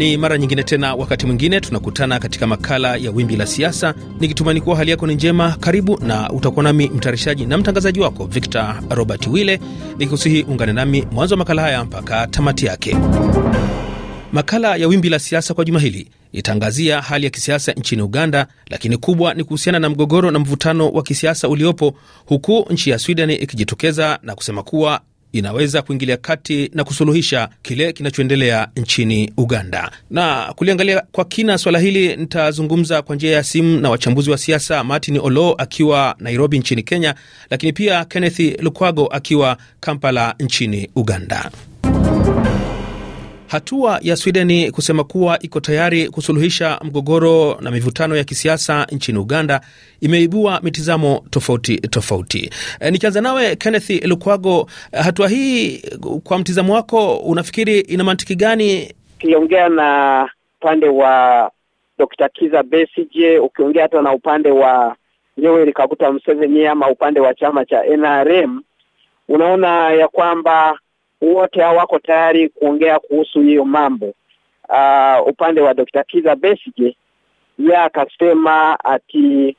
Ni mara nyingine tena, wakati mwingine tunakutana katika makala ya Wimbi la Siasa, nikitumani kuwa hali yako ni njema. Karibu na utakuwa nami mtayarishaji na mtangazaji wako Victor Robert Wille, nikikusihi ungane nami mwanzo wa makala haya mpaka tamati yake. Makala ya Wimbi la Siasa kwa juma hili itaangazia hali ya kisiasa nchini Uganda, lakini kubwa ni kuhusiana na mgogoro na mvutano wa kisiasa uliopo, huku nchi ya Sweden ikijitokeza na kusema kuwa inaweza kuingilia kati na kusuluhisha kile kinachoendelea nchini Uganda. Na kuliangalia kwa kina swala hili, nitazungumza kwa njia ya simu na wachambuzi wa siasa, Martin Olo akiwa Nairobi nchini Kenya, lakini pia Kenneth Lukwago akiwa Kampala nchini Uganda. Hatua ya swedeni kusema kuwa iko tayari kusuluhisha mgogoro na mivutano ya kisiasa nchini Uganda imeibua mitizamo tofauti tofauti. E, nikianza nawe Kenneth Lukwago, hatua hii kwa mtizamo wako unafikiri ina mantiki gani? Ukiongea na upande wa Dr. Kiza Besije, ukiongea hata na upande wa Yoweri Kaguta Museveni ama upande wa chama cha NRM, unaona ya kwamba wote hawako tayari kuongea kuhusu hiyo mambo. Uh, upande wa Dr. Kiza Besige ye akasema ati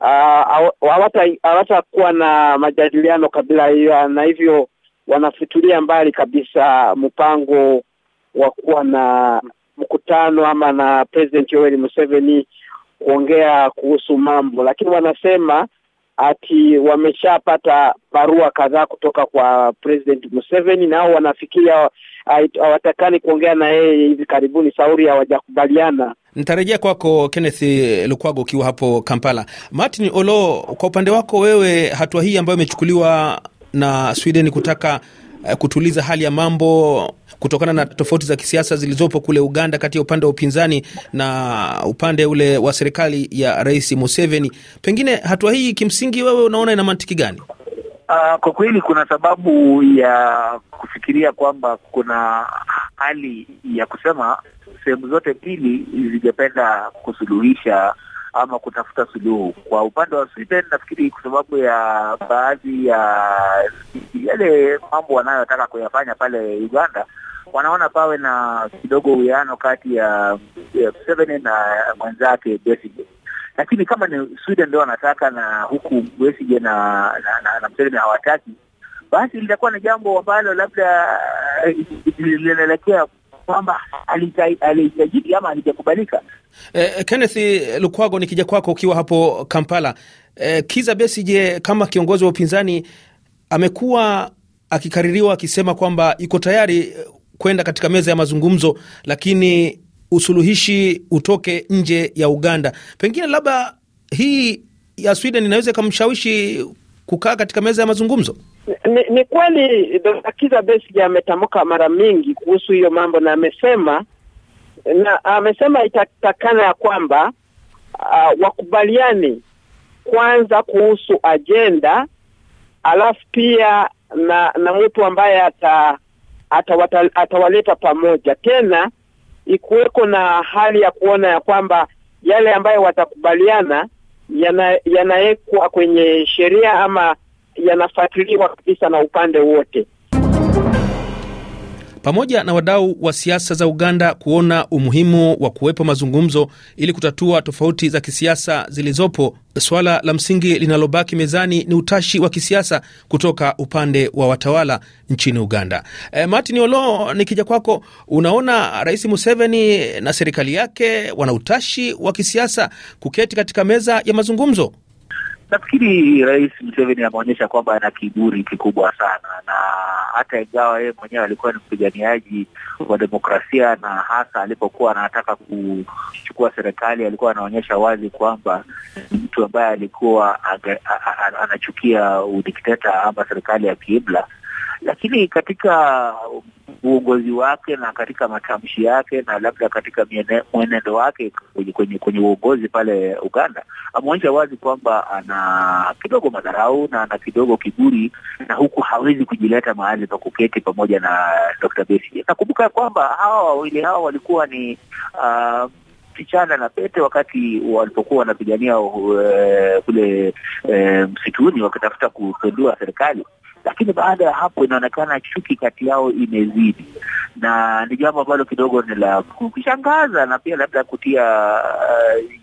ah, hawatakuwa uh, na majadiliano kabila hiyo, na hivyo wanafutulia mbali kabisa mpango wa kuwa na mkutano ama na President Yoweri Museveni kuongea kuhusu mambo, lakini wanasema ati wameshapata barua kadhaa kutoka kwa President Museveni, nao wanafikiria hawatakani kuongea na yeye hivi karibuni. Sauri hawajakubaliana. Nitarejea kwako Kenneth Lukwago ukiwa hapo Kampala. Martin Olo, kwa upande wako wewe, hatua hii ambayo imechukuliwa na Sweden kutaka Eh, kutuliza hali ya mambo kutokana na tofauti za kisiasa zilizopo kule Uganda kati ya upande wa upinzani na upande ule wa serikali ya Rais Museveni. Pengine hatua hii kimsingi, wewe unaona ina mantiki gani? Uh, kwa kweli kuna sababu ya kufikiria kwamba kuna hali ya kusema sehemu zote mbili zingependa kusuluhisha ama kutafuta suluhu. Kwa upande wa Sweden, nafikiri kwa sababu ya baadhi ya yale mambo wanayotaka kuyafanya pale Uganda wanaona pawe na kidogo uwiano kati ya Museveni na mwenzake Besigye, lakini kama ni Sweden ndio wanataka na huku Besigye na, na, na, na Museveni hawataki, basi litakuwa ni jambo ambalo labda eh, linaelekea kwamba alihitajiki ama alijakubalika eh, eh, Kenneth Lukwago, nikija kwako ukiwa hapo Kampala, eh, Kiza Besigye kama kiongozi wa upinzani amekuwa akikaririwa akisema kwamba iko tayari eh, kwenda katika meza ya mazungumzo, lakini usuluhishi utoke nje ya Uganda. Pengine labda hii ya Sweden inaweza ikamshawishi kukaa katika meza ya mazungumzo. Ni, ni kweli Dr. Kiza Besigye ametamka mara mingi kuhusu hiyo mambo, na amesema na amesema itatakana ya kwamba uh, wakubaliani kwanza kuhusu ajenda alafu pia na na mtu ambaye ata atawaleta atawaleta pamoja tena, ikuweko na hali ya kuona ya kwamba yale ambayo watakubaliana yanawekwa yana kwenye sheria ama yanafuatiliwa kabisa na upande wote pamoja na wadau wa siasa za Uganda kuona umuhimu wa kuwepo mazungumzo ili kutatua tofauti za kisiasa zilizopo. Swala la msingi linalobaki mezani ni utashi wa kisiasa kutoka upande wa watawala nchini Uganda. E, Martin Olo, nikija kwako, unaona Rais Museveni na serikali yake wana utashi wa kisiasa kuketi katika meza ya mazungumzo? Nafikiri Rais Museveni ameonyesha kwamba ana kiburi kikubwa sana, na hata ingawa yeye mwenyewe alikuwa ni mpiganiaji wa demokrasia, na hasa alipokuwa anataka kuchukua serikali alikuwa anaonyesha wazi kwamba mtu ambaye alikuwa anachukia udikteta ama serikali ya kiibla, lakini katika uongozi wake na katika matamshi yake na labda katika mwenendo wake kwenye, kwenye, kwenye uongozi pale Uganda ameonyesha wazi kwamba ana kidogo madharau na ana kidogo kiburi, na huku hawezi kujileta mahali pa kuketi pamoja na Dr. Besigye. Nakumbuka kwamba hawa wawili hawa walikuwa ni uh, Kichana na Pete wakati walipokuwa wanapigania uh, kule uh, msituni wakitafuta kupindua serikali lakini baada ya hapo inaonekana chuki kati yao imezidi, na ni jambo ambalo kidogo ni la kushangaza na pia labda kutia uh,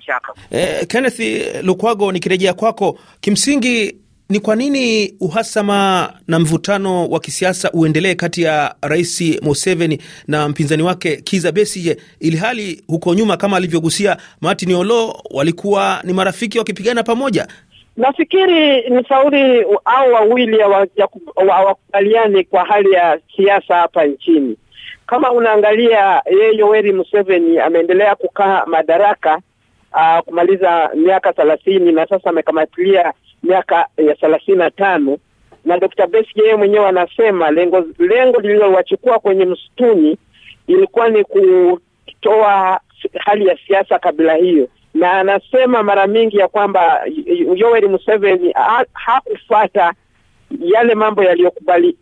Eh, Kenneth Lukwago, nikirejea kwako, kimsingi ni kwa nini uhasama na mvutano wa kisiasa uendelee kati ya Rais Museveni na mpinzani wake Kiza Besije, ili hali huko nyuma kama alivyogusia Martin Olo walikuwa ni marafiki wakipigana pamoja? Nafikiri ni shauri au wawili hawakubaliani kwa hali ya siasa hapa nchini. Kama unaangalia yeye Yoweri Museveni ameendelea kukaa madaraka aa, ah, kumaliza miaka thelathini na sasa amekamatilia miaka ya thelathini na tano na Dr. Besigye yeye mwenyewe anasema lengo lengo lililowachukua kwenye msituni ilikuwa ni kutoa hali ya siasa kabila hiyo na anasema mara mingi ya kwamba Yoweri Museveni hakufuata yale mambo yaliyokubaliwa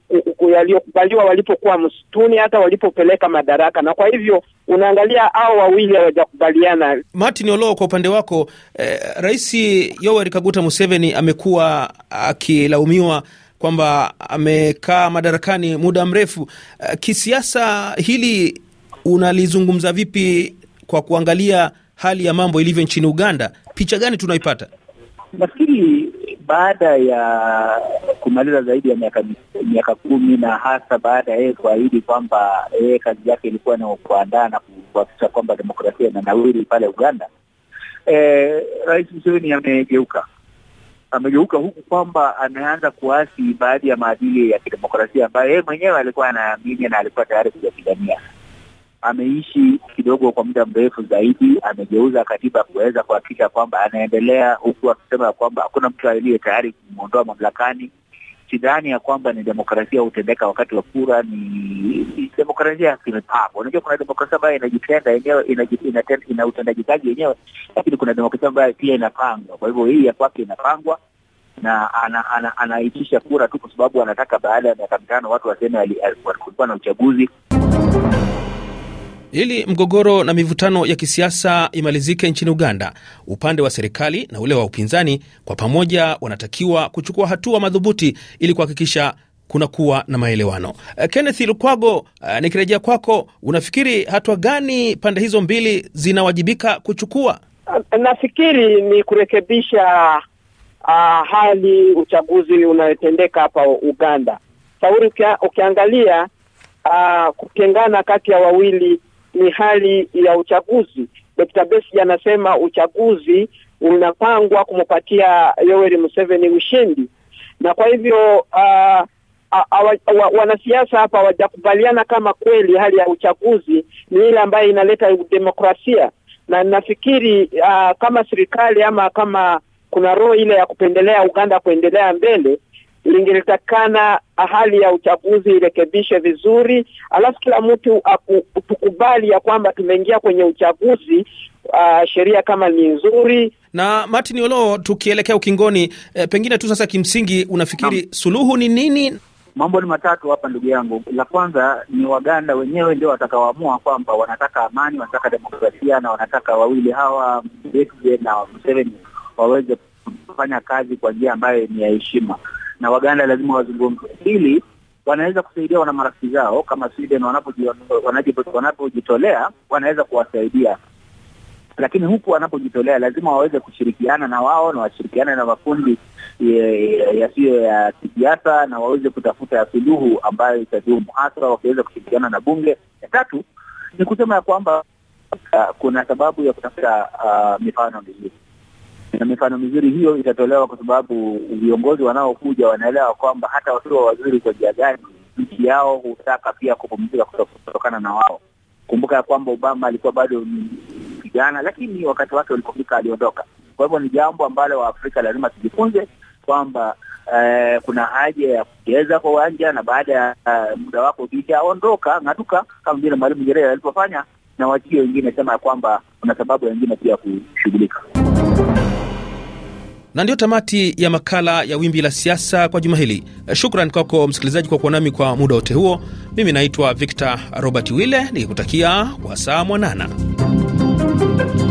walipokuwa msituni hata walipopeleka madaraka, na kwa hivyo unaangalia hao wawili hawajakubaliana. Martin Olo, kwa upande wako eh, Rais Yoweri Kaguta Museveni amekuwa akilaumiwa kwamba amekaa madarakani muda mrefu. Eh, kisiasa hili unalizungumza vipi kwa kuangalia hali ya mambo ilivyo nchini Uganda, picha gani tunaipata? Nafikiri baada ya kumaliza zaidi ya miaka miaka kumi na hasa baada ya yeye kuahidi kwamba yeye kazi yake ilikuwa ni kuandaa na kuhakikisha kwamba demokrasia inanawiri pale Uganda, eh, Rais Museveni amegeuka amegeuka huku kwamba ameanza kuasi baadhi ya maadili ya kidemokrasia ambayo yeye mwenyewe alikuwa anaamini na alikuwa tayari kujapigania ameishi kidogo kwa muda mrefu zaidi, amegeuza katiba kuweza kuhakikisha kwamba anaendelea, huku akisema ya kwamba hakuna mtu aliye tayari kumwondoa mamlakani. Sidhani ya kwamba ni demokrasia hutendeka wakati wa kura, ni, demokrasia ya kimpango. Unajua, kuna demokrasia ambayo inajitenda yenyewe, ina utendaji kazi yenyewe, lakini kuna demokrasia ambayo pia inapangwa. Kwa hivyo hii ya kwake inapangwa na ana, anaitisha ana kura tu kwa sababu anataka baada ya miaka mitano watu waseme kulikuwa na uchaguzi. Ili mgogoro na mivutano ya kisiasa imalizike nchini Uganda, upande wa serikali na ule wa upinzani kwa pamoja wanatakiwa kuchukua hatua madhubuti ili kuhakikisha kunakuwa na maelewano. Eh, Kenneth Lukwago, eh, nikirejea kwako, unafikiri hatua gani pande hizo mbili zinawajibika kuchukua? Nafikiri ni kurekebisha uh, hali uchaguzi unayotendeka hapa Uganda. Sauri ukia, ukiangalia uh, kutengana kati ya wawili ni hali ya uchaguzi. Dr. Besigye anasema uchaguzi unapangwa kumpatia Yoweri Museveni ushindi, na kwa hivyo uh, wanasiasa hapa hawajakubaliana kama kweli hali ya uchaguzi ni ile ambayo inaleta demokrasia, na nafikiri uh, kama serikali ama kama kuna roho ile ya kupendelea Uganda kuendelea mbele lingetakana hali ya uchaguzi irekebishe vizuri, alafu kila mtu tukubali ya kwamba tumeingia kwenye uchaguzi. Uh, sheria kama ni nzuri na Martin olo tukielekea ukingoni, eh, pengine tu sasa, kimsingi unafikiri Am. suluhu ni nini? Mambo ni matatu hapa ndugu yangu. La kwanza ni Waganda wenyewe ndio watakaoamua kwamba wanataka amani, wanataka demokrasia na wanataka wawili hawa Mbeki na Museveni waweze kufanya kazi kwa njia ambayo ni ya heshima na Waganda lazima wazungumze. Pili, wanaweza kusaidia wana marafiki zao kama Sweden, wanapojitolea wanaweza kuwasaidia, lakini huku wanapojitolea lazima waweze kushirikiana na wao na washirikiane na makundi yasiyo ya kisiasa na waweze kutafuta suluhu ambayo itadumu, hasa wakiweza kushirikiana na bunge. Ya tatu ni kusema ya kwamba uh, kuna sababu ya kutafuta uh, mifano mizuri na mifano mizuri hiyo itatolewa kwa sababu viongozi wanaokuja wanaelewa kwamba hata wakiwa wazuri kwa jia gani, nchi yao hutaka pia kupumzika kutokana na wao. Kumbuka ya kwamba Obama alikuwa bado ni kijana, lakini wakati wake ulipofika aliondoka. Kwa hivyo ni jambo ambalo Waafrika lazima tujifunze kwamba eh, kuna haja ya kucheza kwa uwanja na baada ya uh, muda wako ukishaondoka ng'atuka, kama vile Mwalimu Nyerere alipofanya, na wajio wengine sema ya kwamba kuna sababu wengine pia kushughulika na ndiyo tamati ya makala ya Wimbi la Siasa kwa juma hili. Shukran kwako msikilizaji kwa kuwa nami kwa muda wote huo. Mimi naitwa Victor Robert Wille nikikutakia wasaa mwanana.